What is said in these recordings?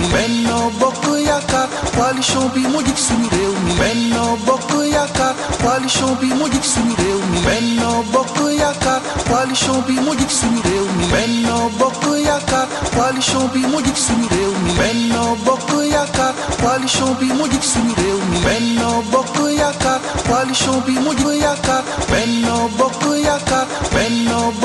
mi benn bokk yaakaar coalition bi moo jiite suñu réew mi benn bokk yaakaar coalition bi moo jiite suñu réew mi benn bokk yaakaar coalition bi moo jiite suñu réew mi benn bokk yaakaar coalition bi moo jiite suñu réew mi benn bokk yaakaar coalition bi moo jiite suñu réew mi benn bokk yaakaar coalition bi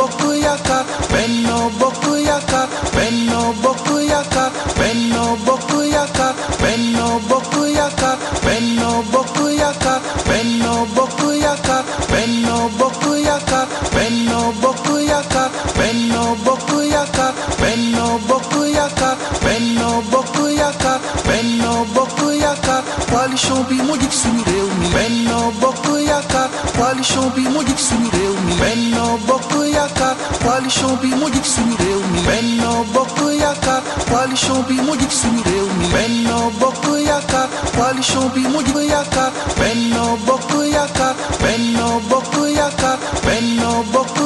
coalition bi moo jig suñu réew mi Benno Bokk Yaakaar coalition bi moo jig suñu réew mi Benno Bokk Yaakaar coalition bi moo jig suñu réew mi Benno Bokk Yaakaar coalition bi moo jig suñu réew mi Benno Bokk Yaakaar coalition bi moo jig yaakaar Benno Bokk Yaakaar Benno Bokk Yaakaar Benno Bokk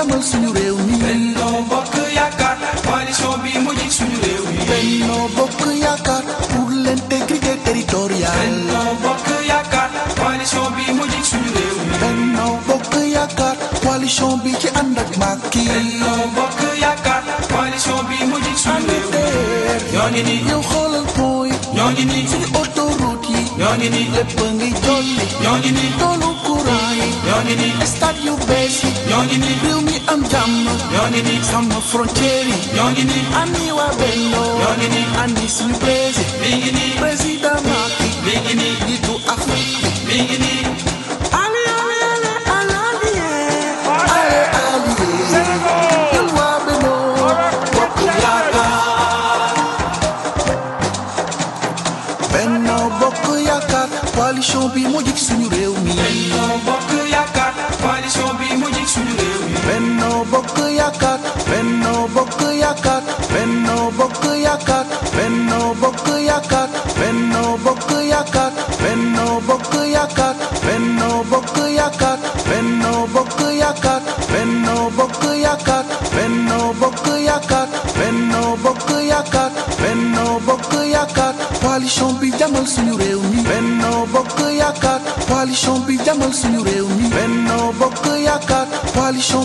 jàmmal suñu réew mi. Benno Bokk Yaakaar mi. pour l'intégrité territoriale. Benno mi. Benno Bokk Yaakaar coalition bi ci ànd ak Macky. mi. yow xoolal point. suñu autoroute yi. lépp a ngi jolli. toolu courant yi. stade yu bees yi. réew mi amjamma yonini samma frontieri yonini anni wa bello yonini anni sul prese bingini presida maki bingini di tu afrika bingini ali ali ali ali ali ali ali Senegal yalwa bello bokuyaka benno bokuyaka coalition bi mo jik suñu réew mi bokk yaakaar benno bokk yaakaar benno bokk yaakaar benno bokk yaakaar benno bokk yaakaar benno bokk yaakaar benno bokk yaakaar benno bokk yaakaar benno bokk yaakaar benno bokk yaakaar benno bokk yaakaar benno bokk yaakaar coalition bi demal suñu réew mi benno bi suñu mi benno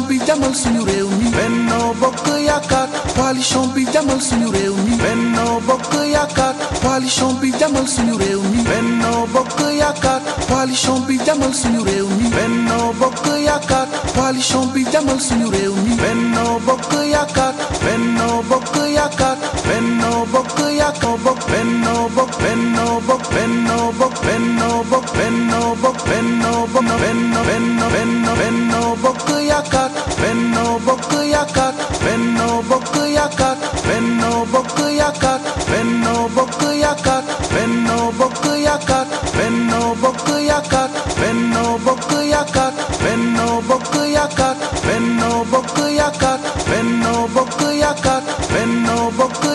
bi jamal suñu réew mi Benno Bokk Yaakaar coalition bi jamal suñu réew mi Benno Bokk Yaakaar coalition bi jamal suñu réew mi Benno Bokk Yaakaar coalition bi jamal suñu réew mi Benno Bokk Yaakaar coalition bi jamal suñu réew mi Benno Bokk Yaakaar Benno Bokk Yaakaar Benno Bokk Yaakaar bokk Benno Bokk Benno Bokk Benno Bokk Benno Bokk Benno Bokk Benno Bokk Benno Benno Bokk Yaakaar Benno bok yakat, benno bok yakat, benno bok yakat, benno bok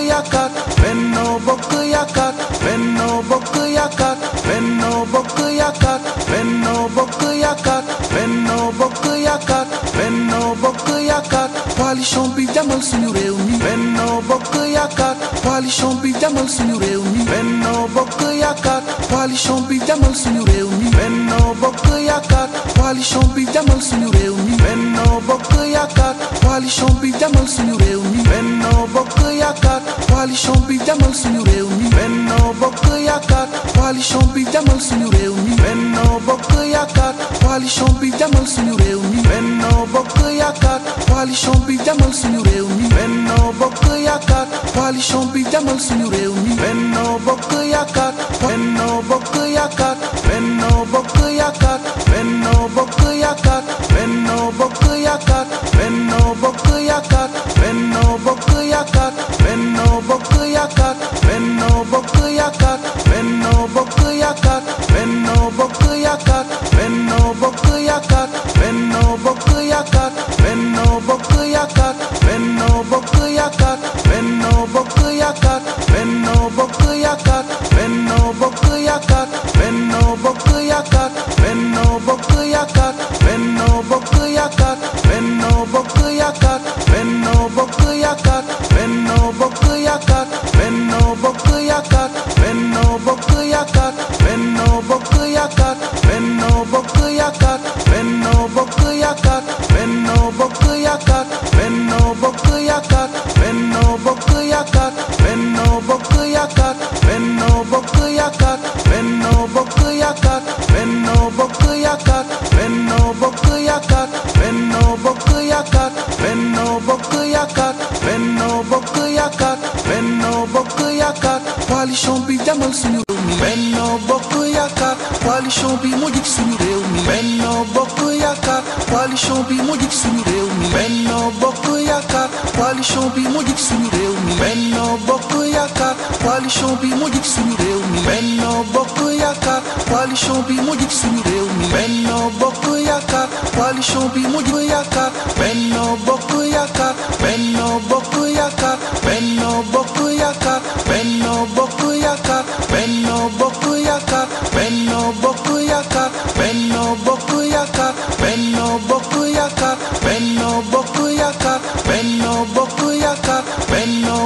yakat, benno bok yakat. demal suñu réew mi Benno Bokk Yaakaar coalition bi demal suñu réew mi Benno Bokk Yaakaar coalition bi demal suñu réew mi Benno Bokk Yaakaar coalition bi demal suñu réew mi Benno Bokk Yaakaar coalition bi demal suñu réew mi Benno Bokk Yaakaar coalition bi demal suñu réew mi Benno Bokk Yaakaar coalition bi demal suñu réew mi Benno Bokk Yaakaar coalition bi demal suñu coalition bi demal suñu réew mi Benno Bokk Yaakaar coalition bi demal suñu réew mi Benno Bokk Yaakaar Benno Bokk Yaakaar yaakaar Benno Bokk Yaakaar Benno bi demal suñu réew bi moo jig bi moo jig bi moo mi coalition bi moo jig suñu réew mi Benno Bokk Yaakaar coalition bi moo jig yaakaar Benno Bokk Yaakaar Benno Bokk Yaakaar Benno Bokk Yaakaar Benno Bokk Yaakaar Benno Bokk Yaakaar Benno Bokk Yaakaar Benno Bokk Yaakaar Benno Bokk Yaakaar Benno Bokk Yaakaar Benno Bokk Yaakaar Benno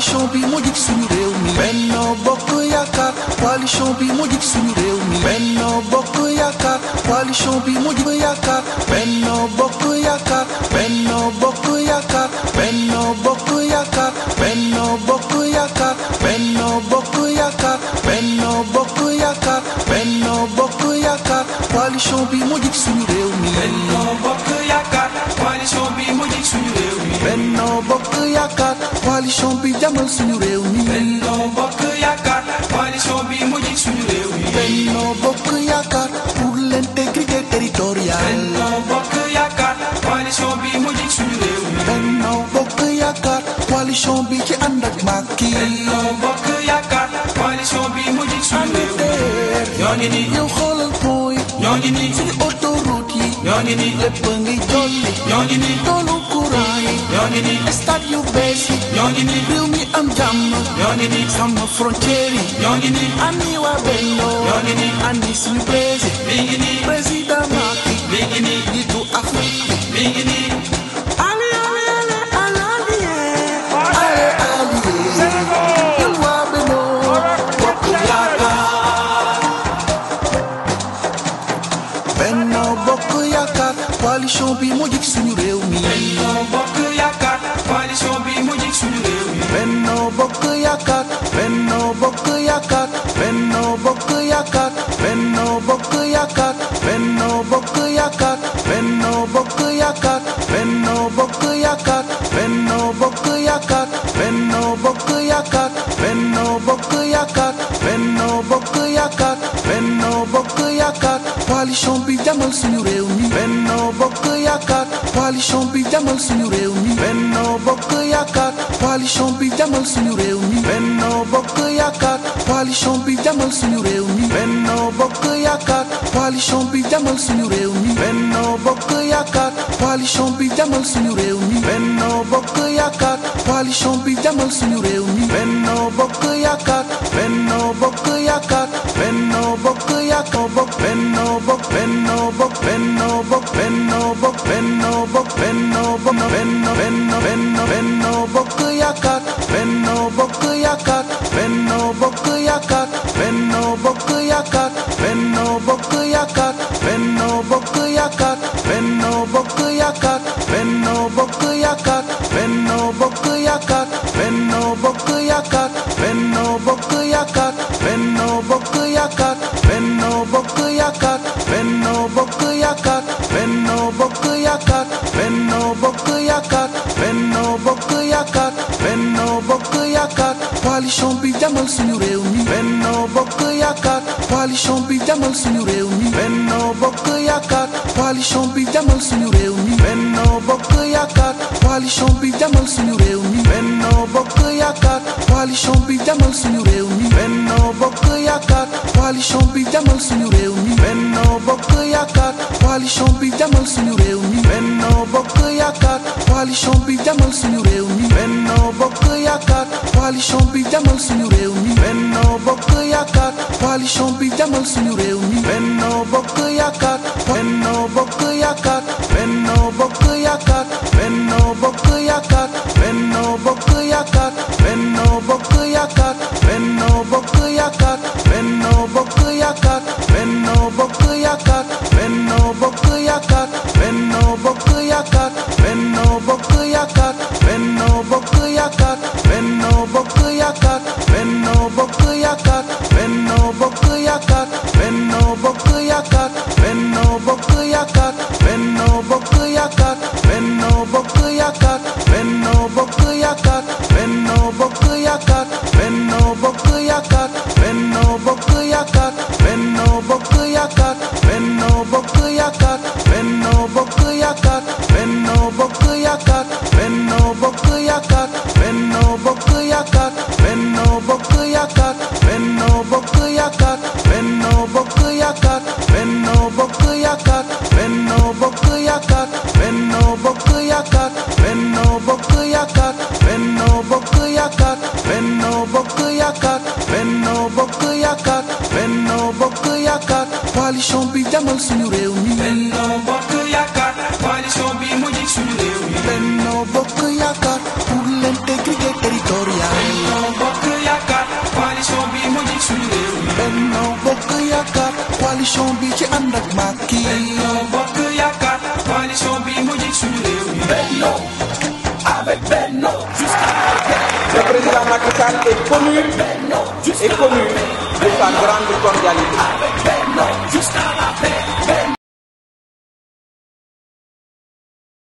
coalition bi moo jig suñu réew mi Benno Bokk Yaakaar coalition bi moo jig suñu réew mi Benno Bokk Yaakaar coalition bi moo jig yaakaar Benno Bokk Yaakaar Benno Bokk Yaakaar Benno Bokk Yaakaar Benno Bokk Yaakaar Benno Bokk Yaakaar Benno Bokk Yaakaar Benno Bokk Yaakaar coalition bi moo jig suñu réew mi Benno Bokk Yaakaar coalition bi moo jig suñu réew mi Benno Bokk Yaakaar coalition bi jàmmal suñu réew mi. Benno Bokk Yaakaar coalition bi mu jiit suñu réew mi. Benno Bokk Yaakaar pour l'intégrité territoriale. Benno Bokk Yaakaar coalition bi mu jiit suñu réew mi. Benno Bokk Yaakaar coalition bi ci ànd ak Macky. Benno Bokk Yaakaar coalition bi mu jiit suñu réew mi. ñoo ngi nii yow xoolal point. ñoo ngi nii suñu autoroute. Yonini ngi nii yonini, ngi jolli ñoo ngi nii toolu courant yi ñoo ngi nii stade yu bees yi ñoo ngi nii am ani waa Benno ñoo ngi nii ani suñu président mi ngi nii président Macky demal suñu réew mi Benno Bokk Yaakaar coalition bi demal suñu réew mi Benno Bokk Yaakaar coalition bi demal suñu réew mi Benno Bokk Yaakaar coalition bi demal suñu réew mi Benno Bokk Yaakaar coalition bi demal suñu réew mi Benno Bokk Yaakaar coalition bi demal suñu réew mi Benno Bokk Yaakaar Benno Bokk Yaakaar Benno Bokk Yaakaar Benno Bokk Benno Bokk Benno Bokk Benno Bokk Benno Bokk bok yaakaar Benno bokk yaakaar Benno bokk yaakaar Benno bokk yaakaar Benno kat, yaakaar Benno bok yaakaar Benno bokk yaakaar Benno bokk yaakaar coalition bi demal suñu réew mi Benno bokk yaakaar coalition bi demal suñu réew mi Benno ya kat, coalition bi jamal suñu réew mi Benno bokk yaakaar coalition bi demal suñu réew jamal suñu réew mi Benno Bokk Yaakaar coalition bi demal suñu réew mi Benno Bokk Yaakaar coalition bi Jamal suñu réew mi Benno Bokk Yaakaar coalition bi demal suñu réew mi Benno Bokk Yaakaar coalition bi demal suñu réew mi Benno Bokk Yaakaar coalition bi demal suñu réew mi Benno Bokk Yaakaar coalition Le président Macky est connu et connu de sa grande cordialité. Benno jusqu'à la